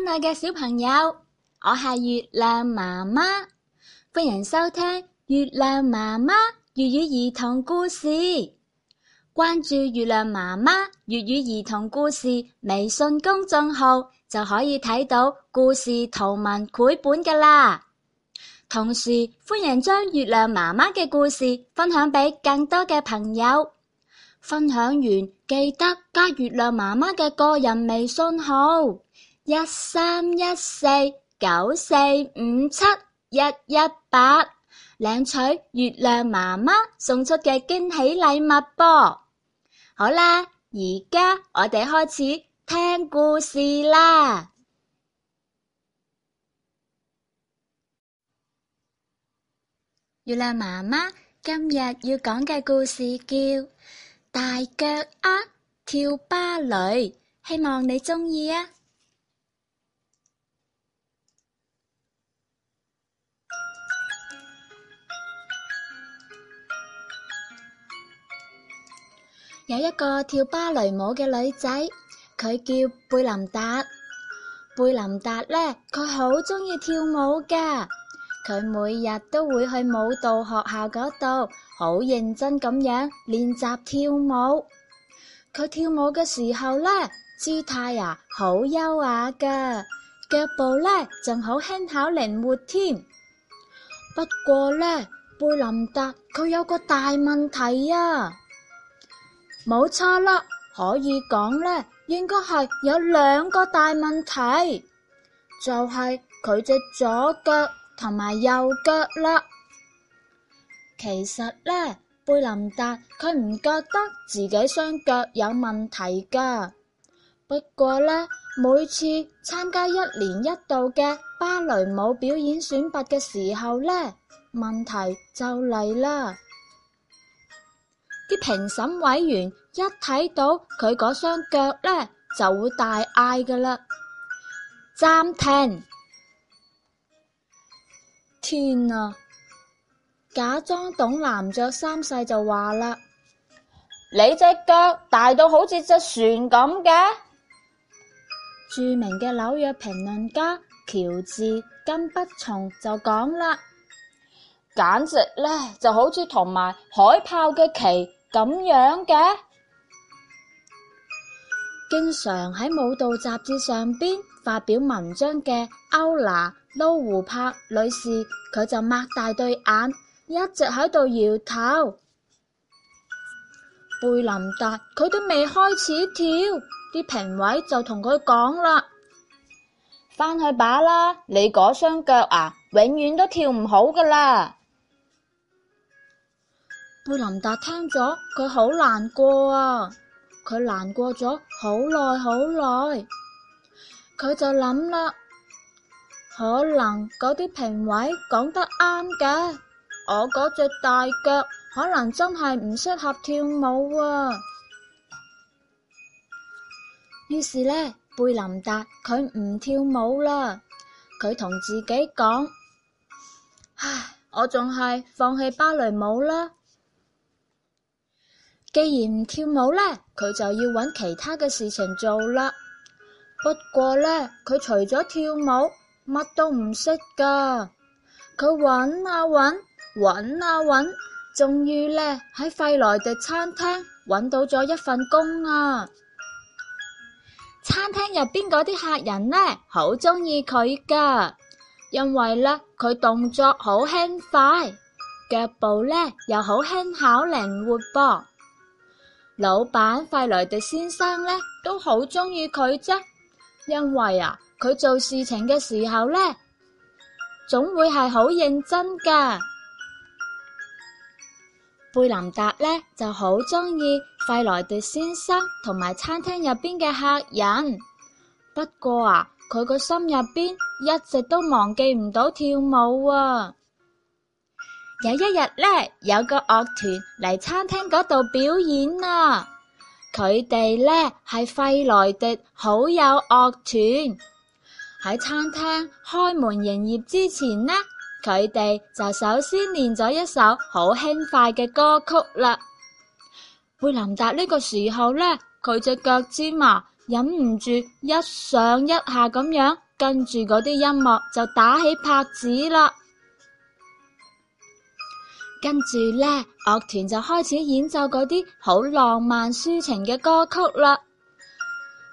親愛嘅小朋友，我係月亮媽媽，歡迎收聽月亮媽媽粵語兒童故事。關注月亮媽媽粵語兒童故事微信公眾號就可以睇到故事圖文繪本嘅啦。同時歡迎將月亮媽媽嘅故事分享俾更多嘅朋友。分享完記得加月亮媽媽嘅個人微信號，一三一四九四五七一一八，領取月亮媽媽送出嘅驚喜禮物啵。好啦，而家我哋開始聽故事啦。月亮媽媽今日要講嘅故事叫《大腳丫跳芭蕾》，希望你鍾意啊！有一個跳芭蕾舞嘅女仔，佢叫貝琳達。貝琳達呢，佢好鍾意跳舞嘅，佢每日都會去舞蹈學校嗰度，好認真咁樣練習跳舞。佢跳舞嘅時候呢，姿態啊好優雅噶，腳步呢仲好輕巧靈活添。不過呢，貝琳達佢有個大問題啊！冇錯啦，可以講呢，應該係有兩個大問題，就係佢隻左腳同埋右腳啦。其實呢，貝琳達佢唔覺得自己雙腳有問題噶，不過呢，每次參加一年一度嘅芭蕾舞表演選拔嘅時候呢，問題就嚟啦，啲評審委員。一睇到佢嗰雙腳呢，就會大嗌，噶啦！暫停。天啊！假裝董男爵三世就話啦，你隻腳大到好似隻船咁嘅。著名嘅紐約評論家喬治金不從就講啦，簡直呢，就好似同埋海豹嘅鰭咁樣嘅。經常喺舞蹈雜誌上邊發表文章嘅歐娜·撈胡柏女士，佢就擘大對眼，一直喺度搖頭。貝琳達佢都未開始跳，啲評委就同佢講啦：返去把啦，你嗰雙腳啊，永遠都跳唔好噶啦。貝琳達聽咗，佢好難過啊。佢難過咗好耐好耐，佢就諗啦，可能嗰啲評委講得啱嘅，我嗰隻大腳可能真係唔適合跳舞啊。於是呢，貝琳達佢唔跳舞啦，佢同自己講：唉，我仲係放棄芭蕾舞啦。既然唔跳舞呢，佢就要揾其他嘅事情做啦。不過呢，佢除咗跳舞，乜都唔識噶。佢揾啊揾，揾啊揾，終於呢喺費萊迪餐廳揾到咗一份工啊！餐廳入邊嗰啲客人呢，好鍾意佢噶，因為呢佢動作好輕快，腳步呢又好輕巧靈活噃。老闆費萊迪先生呢都好鍾意佢啫，因為啊，佢做事情嘅時候呢，總會係好認真噶。貝琳達呢就好鍾意費萊迪先生同埋餐廳入邊嘅客人，不過啊，佢個心入邊一直都忘記唔到跳舞啊。有一日呢，有個樂團嚟餐廳嗰度表演啊！佢哋呢係費萊迪好友樂團，喺餐廳開門營業之前呢，佢哋就首先練咗一首好輕快嘅歌曲啦。貝林達呢個時候呢，佢隻腳尖啊，忍唔住一上一下咁樣，跟住嗰啲音樂就打起拍子啦。跟住呢樂團就開始演奏嗰啲好浪漫抒情嘅歌曲啦。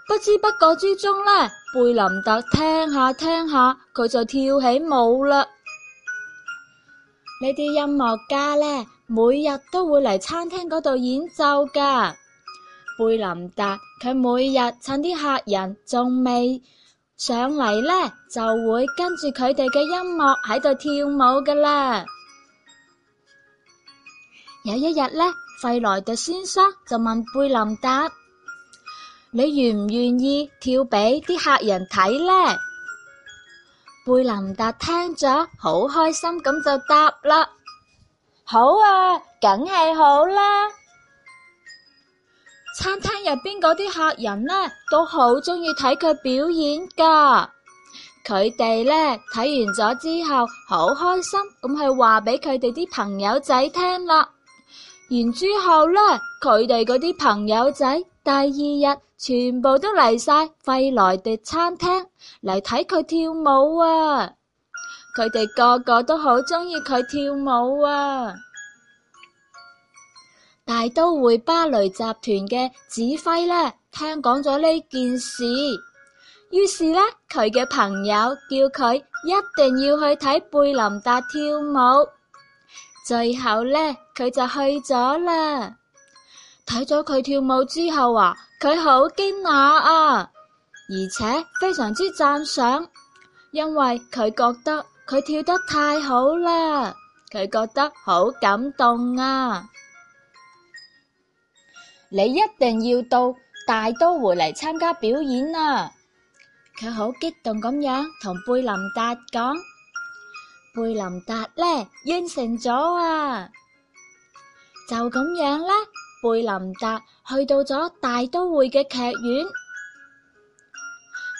不知不覺之中呢，貝林達聽下聽下，佢就跳起舞啦。呢啲音樂家呢，每日都會嚟餐廳嗰度演奏噶。貝林達佢每日趁啲客人仲未上嚟呢，就會跟住佢哋嘅音樂喺度跳舞噶啦。有一日呢，費萊特先生就問貝林達：你願唔願意跳俾啲客人睇呢？貝達」貝林達聽咗好開心，咁就答啦：好啊，梗係好啦。餐廳入邊嗰啲客人呢，都好鍾意睇佢表演噶。佢哋呢，睇完咗之後，好開心咁去話俾佢哋啲朋友仔聽啦。完之後呢，佢哋嗰啲朋友仔第二日，全部都嚟晒費萊迪餐廳嚟睇佢跳舞啊！佢哋個個都好鍾意佢跳舞啊！大都會芭蕾集團嘅指揮呢，聽講咗呢件事，於是呢，佢嘅朋友叫佢一定要去睇貝琳達跳舞。最後呢，佢就去咗啦。睇咗佢跳舞之後啊，佢好驚訝啊，而且非常之讚賞，因為佢覺得佢跳得太好啦，佢覺得好感動啊。你一定要到大都會嚟參加表演啊！佢好激動咁樣同貝林達講。貝林達呢應承咗啊，就咁樣啦。貝林達去到咗大都會嘅劇院，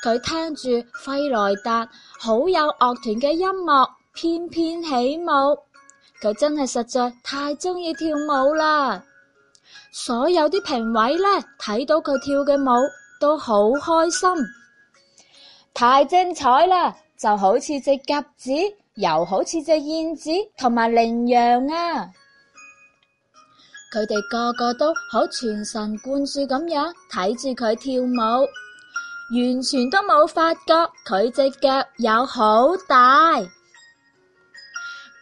佢聽住費萊達好有樂團嘅音樂，翩翩起舞。佢真係實在太鍾意跳舞啦。所有啲評委呢，睇到佢跳嘅舞都好開心，太精彩啦，就好似隻鴿子。又好似隻燕子同埋羚羊啊！佢哋個個都好全神貫注咁樣睇住佢跳舞，完全都冇發覺佢隻腳有好大。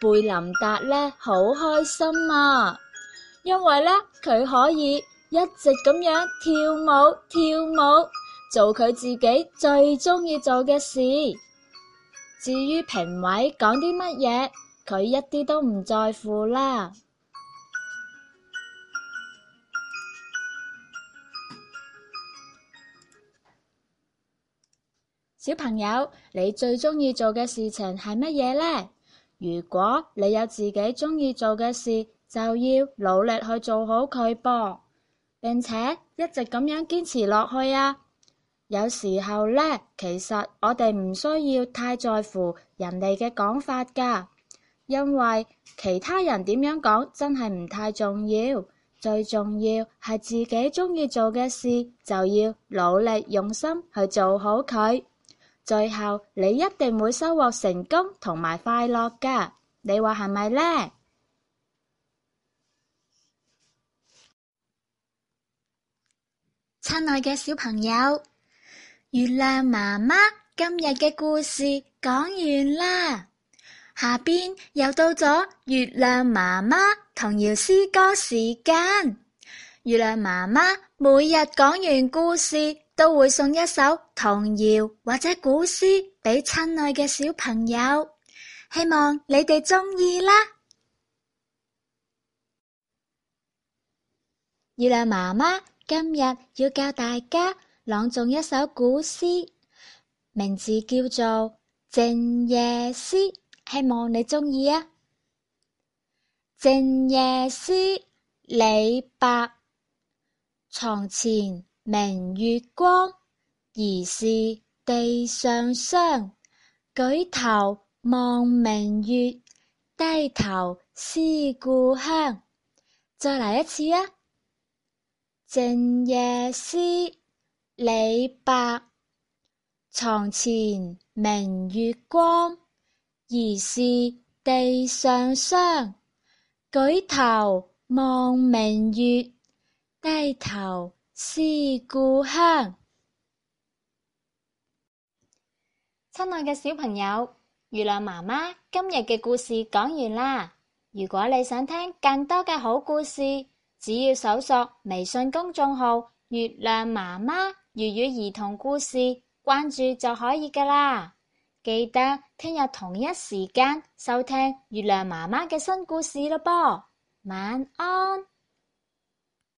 貝林達呢好開心啊，因為呢，佢可以一直咁樣跳舞跳舞，做佢自己最中意做嘅事。至於評委講啲乜嘢，佢一啲都唔在乎啦。小朋友，你最鍾意做嘅事情係乜嘢呢？如果你有自己鍾意做嘅事，就要努力去做好佢噃，並且一直咁樣堅持落去啊！有時候呢，其實我哋唔需要太在乎人哋嘅講法㗎，因為其他人點樣講真係唔太重要。最重要係自己鍾意做嘅事，就要努力用心去做好佢。最後你一定會收穫成功同埋快樂㗎，你話係咪呢？親愛嘅小朋友。月亮媽媽今日嘅故事講完啦，下邊又到咗月亮媽媽童謠詩歌時間。月亮媽媽每日講完故事都會送一首童謠或者古詩俾親愛嘅小朋友，希望你哋中意啦。月亮媽媽今日要教大家。朗誦一首古詩，名字叫做《靜夜思》，希望你鍾意啊！《靜夜思》李白：床前明月光，疑是地上霜。舉頭望明月，低頭思故鄉。再嚟一次啊！靜詩《靜夜思》李白，床前明月光，疑是地上霜。舉頭望明月，低頭思故鄉。親愛嘅小朋友，月亮媽媽今日嘅故事講完啦。如果你想聽更多嘅好故事，只要搜索微信公眾號“月亮媽媽”。粵語兒童故事，關注就可以㗎喇！記得聽日同一時間收聽月亮媽媽嘅新故事咯，噃！晚安。